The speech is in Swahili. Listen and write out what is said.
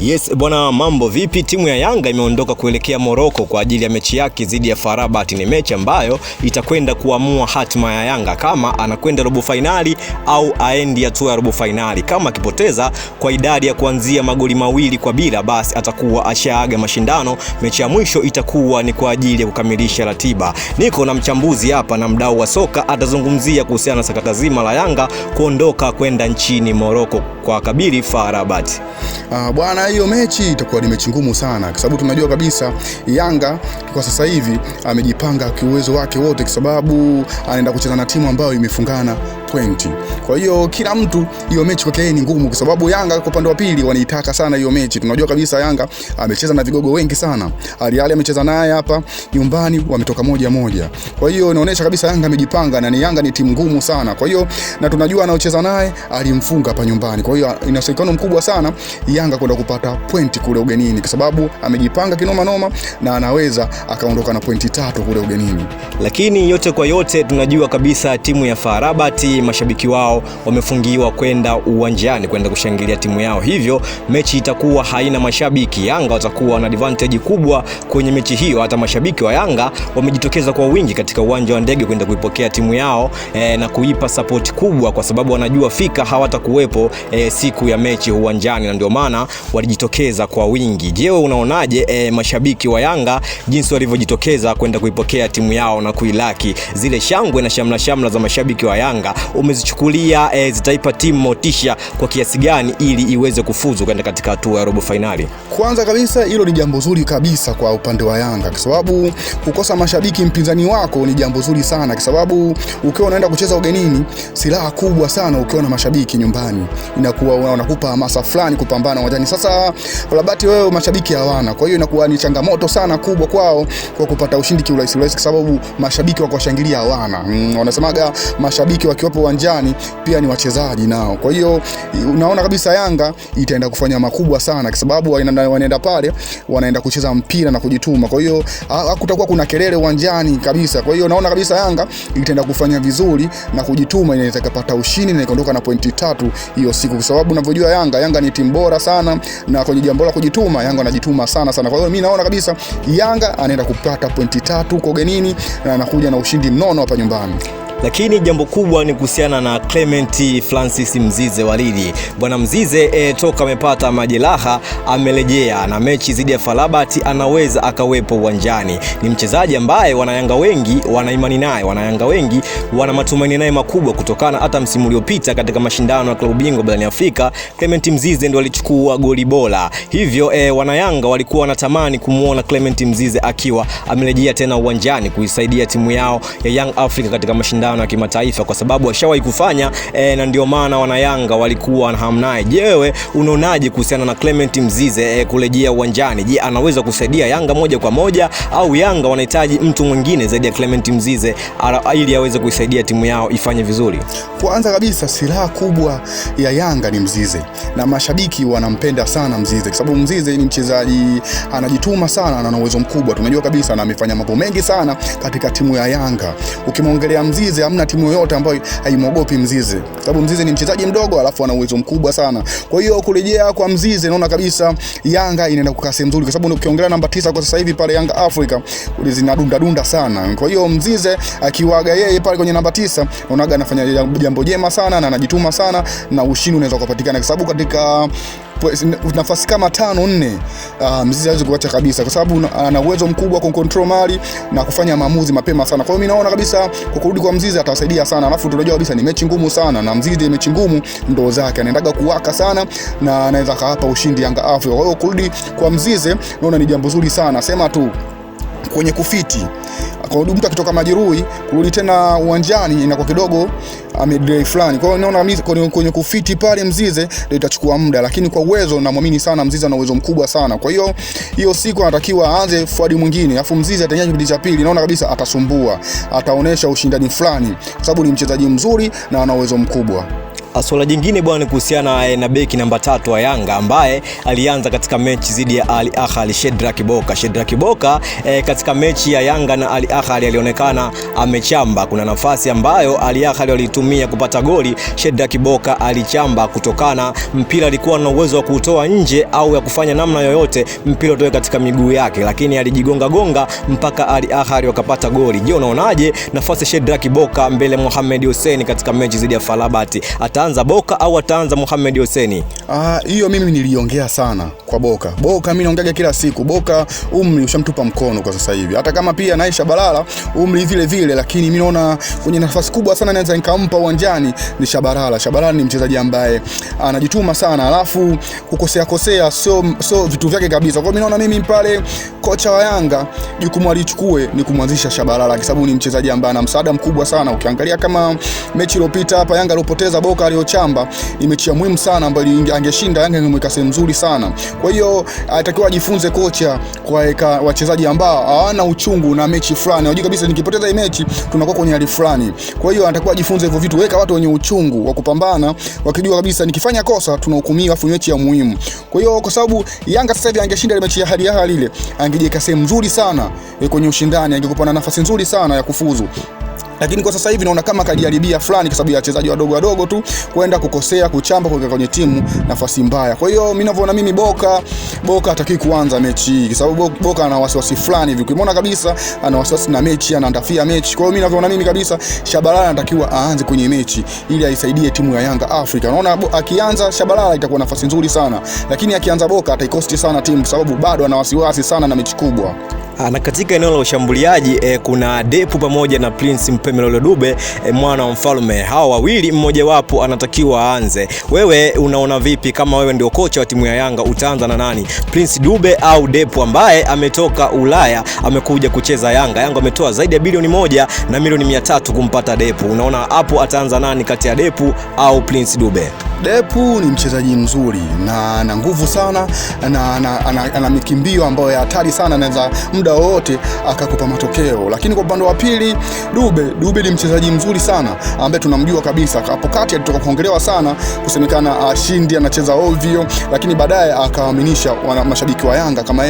Yes bwana, mambo vipi? Timu ya Yanga imeondoka kuelekea Moroko kwa ajili ya mechi yake dhidi ya FAR Rabat. Ni mechi ambayo itakwenda kuamua hatima ya Yanga kama anakwenda robo fainali au aendi hatua ya robo fainali. Kama akipoteza kwa idadi ya kuanzia magoli mawili kwa bila, basi atakuwa ashaaga mashindano. Mechi ya mwisho itakuwa ni kwa ajili ya kukamilisha ratiba. Niko na mchambuzi hapa na mdau wa soka, atazungumzia kuhusiana na sakata zima la Yanga kuondoka kwenda nchini Moroko kwa kabili FAR Rabat. Ah, bwana hiyo mechi itakuwa ni mechi ngumu sana kwa sababu tunajua kabisa Yanga kwa sasa hivi amejipanga kiuwezo wake wote kwa sababu anaenda kucheza na timu ambayo imefungana pointi. Kwa hiyo kila mtu hiyo mechi kwake yeye ni ngumu, kwa sababu Yanga kwa upande wa pili wanaitaka sana hiyo mechi. Tunajua kabisa Yanga ah, amecheza na vigogo wengi sana. Al Ahly amecheza naye hapa nyumbani, wametoka moja moja. Kwa hiyo inaonyesha kabisa Yanga amejipanga na ni Yanga ni timu ngumu sana. Kwa hiyo na tunajua anaocheza naye alimfunga hapa nyumbani. Kwa hiyo ah, ina ushirikiano mkubwa sana Yanga kwenda kupata pointi kule ugenini, kwa sababu amejipanga kinoma noma na anaweza akaondoka na pointi tatu kule ugenini. Lakini yote kwa yote tunajua kabisa timu ya Farabati mashabiki wao wamefungiwa kwenda uwanjani kwenda kushangilia timu yao, hivyo mechi itakuwa haina mashabiki. Yanga watakuwa na advantage kubwa kwenye mechi hiyo. Hata mashabiki wa Yanga wamejitokeza kwa wingi katika uwanja wa ndege kwenda kuipokea timu yao e, na kuipa support kubwa, kwa sababu wanajua fika hawatakuwepo e, siku ya mechi uwanjani, na ndio maana walijitokeza kwa wingi. Je, unaonaje e, mashabiki wa Yanga jinsi walivyojitokeza kwenda kuipokea timu yao na kuilaki? Zile shangwe na shamla shamla za mashabiki wa Yanga umezichukulia e, zitaipa timu motisha kwa kiasi gani ili iweze kufuzu kwenda katika hatua ya robo fainali? Kwanza kabisa hilo ni jambo zuri kabisa kwa upande wa Yanga kwa sababu kukosa mashabiki mpinzani wako ni jambo zuri sana, kwa sababu ukiwa unaenda kucheza ugenini, silaha kubwa sana ukiwa na mashabiki nyumbani, inakuwa unakupa hamasa fulani kupambana uwanjani. Sasa labati wewe mashabiki hawana, kwa hiyo inakuwa ni changamoto sana kubwa kwao kwa kupata ushindi kiurahisi urahisi, kwa sababu mashabiki wako washangilia hawana. Mm, wanasemaga mashabiki wakiwapo uwanjani pia ni wachezaji nao. Kwa hiyo unaona kabisa Yanga itaenda kufanya makubwa sana, kwa sababu wanaenda pale wanaenda kucheza mpira na kujituma. Kwa hiyo hakutakuwa kuna kelele uwanjani kabisa. Kwa hiyo naona kabisa Yanga itaenda kufanya vizuri na kujituma, inaweza kupata ushindi na ikaondoka na pointi tatu hiyo siku, kwa sababu unavyojua Yanga, Yanga ni timu bora sana, na kwenye jambo la kujituma Yanga anajituma sana sana. Kwa hiyo mimi naona kabisa Yanga anaenda kupata pointi tatu ugenini na anakuja na ushindi mnono hapa nyumbani. Lakini jambo kubwa ni kuhusiana na Clement Francis Mzize Walidi. Bwana Mzize e, toka amepata majeraha amerejea na mechi dhidi ya falabati anaweza akawepo uwanjani. Ni mchezaji ambaye wanayanga wengi wana imani naye, wanayanga wengi wana matumaini naye makubwa kutokana hata msimu uliopita katika mashindano ya klabu bingwa barani Afrika, Clement Mzize ndo alichukua goli bora. Hivyo e, eh, wanayanga walikuwa wanatamani kumwona Clement Mzize akiwa amerejea tena uwanjani kuisaidia timu yao ya Young Africa katika mashindano mashindano ya kimataifa kwa sababu washawahi kufanya e, na ndio maana wanayanga walikuwa na hamu naye. Je, wewe unaonaje kuhusiana na Clement Mzize e, kurejea uwanjani? Je, anaweza kusaidia Yanga moja kwa moja au Yanga wanahitaji mtu mwingine zaidi ya Clement Mzize ili aweze kuisaidia timu yao ifanye vizuri? Kwanza kabisa silaha kubwa ya Yanga ni Mzize na mashabiki wanampenda sana Mzize kwa sababu Mzize ni mchezaji anajituma sana na uwezo mkubwa, tunajua kabisa na amefanya mambo mengi sana katika timu ya Yanga. Ukimwongelea Mzize mzizi, hamna timu yoyote ambayo haimwogopi mzizi, sababu mzizi ni mchezaji mdogo, alafu ana uwezo mkubwa sana. Kwa hiyo kurejea kwa mzizi, naona kabisa Yanga inaenda kukaa sehemu nzuri, kwa sababu ukiongelea namba tisa kwa sasa hivi pale Yanga Africa zinadunda dunda sana. Kwa hiyo mzize akiwaga yeye pale kwenye namba tisa, naonaga anafanya jambo jema sana na anajituma sana, na ushindi unaweza kupatikana kwa sababu katika nafasi kama tano nne, uh, ah, Mzizi hawezi kuacha kabisa, kwa sababu ana uwezo mkubwa wa control mali na kufanya maamuzi mapema sana. Kwa hiyo mimi naona kabisa kwa kurudi kwa Mzizi atawasaidia sana, alafu tunajua kabisa ni mechi ngumu sana, na Mzizi mechi ngumu ndo zake, anaendaga kuwaka sana na anaweza kaapa ushindi Yanga Afrika. Kwa hiyo kurudi kwa Mzizi naona ni jambo zuri sana, sema tu kwenye kufiti kwa mtu akitoka majeruhi kurudi tena uwanjani inakuwa kidogo amedrei fulani. Kwa hiyo naona mimi kwenye kufiti pale Mzize ndio itachukua muda, lakini kwa uwezo namwamini sana Mzize, ana uwezo mkubwa sana. Kwa hiyo hiyo siku anatakiwa aanze Fuadi mwingine, afu Mzize ataingia kipindi cha pili, naona kabisa atasumbua, ataonesha ushindani fulani, kwa sababu ni mchezaji mzuri na ana uwezo mkubwa. Ah, Swala jingine bwana ni kuhusiana eh, na beki namba tatu wa Yanga ambaye alianza katika mechi dhidi ya Al Ahly Shedrack Boka. Shedrack Boka e, katika mechi ya Yanga na Al Ahly alionekana amechamba. Kuna nafasi ambayo Al Ahly walitumia kupata goli, Shedrack Boka alichamba kutokana mpira alikuwa na uwezo wa kutoa nje au ya kufanya namna yoyote mpira utoe katika miguu yake, lakini alijigonga gonga mpaka Al Ahly wakapata goli. Je, unaonaje nafasi Shedrack Boka mbele Mohamed Hussein katika mechi dhidi ya Ata ataanza Boka au ataanza Mohamed Hossein? Ah, hiyo mimi niliongea sana kwa Boka. Boka mimi naongeaga kila siku. Boka umri ushamtupa mkono kwa sasa hivi. Hata kama pia Naisha Balala umri vile vile, lakini mimi naona kwenye nafasi kubwa sana naweza nikampa uwanjani ni Shabalala. Shabalala ni mchezaji ambaye anajituma sana, alafu kukosea kosea sio so vitu vyake kabisa. Kwa hiyo naona mimi pale kocha wa Yanga jukumu alichukue ni kumwanzisha Shabalala kwa sababu ni mchezaji ambaye ana msaada mkubwa sana. Ukiangalia kama mechi iliyopita hapa Yanga alipoteza Boka Mario Chamba ni mechi ya muhimu sana ambayo angeshinda Yanga ingemweka sehemu nzuri sana. Kwa hiyo atakiwa ajifunze kocha kuwaweka wachezaji ambao hawana uchungu na mechi fulani. Unajua kabisa nikipoteza hii mechi tunakuwa kwenye hali fulani. Kwa hiyo anatakiwa ajifunze hivyo vitu, weka watu wenye uchungu wa kupambana, wakijua kabisa nikifanya kosa tunahukumiwa, afu mechi ya muhimu. Kwa hiyo kwa sababu Yanga sasa hivi angeshinda ile mechi ya hali ya hali ile, angejiweka sehemu nzuri sana eh, kwenye ushindani, angekupa nafasi nzuri sana ya kufuzu lakini kwa sasa hivi naona kama kaliharibia fulani, kwa sababu ya wachezaji wadogo wadogo tu kwenda kukosea, kuchamba, kuweka kwenye timu nafasi mbaya. Kwa hiyo mimi ninavyoona mimi, Boka Boka hataki kuanza mechi hii, kwa sababu Boka ana wasiwasi fulani hivi, ukimwona kabisa ana wasiwasi na mechi, anaandafia mechi. Kwa hiyo mimi ninavyoona mimi kabisa, Shabalala anatakiwa aanze kwenye mechi ili aisaidie timu ya Yanga Afrika. Naona akianza Shabalala itakuwa nafasi nzuri sana, lakini akianza Boka ataikosti sana timu, kwa sababu bado ana wasiwasi sana na mechi kubwa. Ah, na katika eneo la ushambuliaji e, kuna Depu pamoja na Prince Mpemelolo Dube e, mwana wa mfalme. Hawa wawili mmojawapo anatakiwa aanze. Wewe unaona vipi? Kama wewe ndio kocha wa timu ya Yanga utaanza na nani, Prince Dube au Depu ambaye ametoka Ulaya amekuja kucheza Yanga? Yanga ametoa zaidi ya bilioni moja na milioni mia tatu kumpata Depu. Unaona hapo ataanza nani kati ya Depu au Prince Dube? Depu ni mchezaji mzuri na ana nguvu sana na ana mikimbio ambayo ya hatari sana, anaweza muda wowote akakupa matokeo. Lakini kwa upande wa pili, Dube Dube ni mchezaji mzuri sana ambaye tunamjua kabisa. Hapo kati alitoka kuongelewa sana, kusemekana ashindi anacheza ovyo, lakini baadaye akawaaminisha mashabiki wa Yanga kama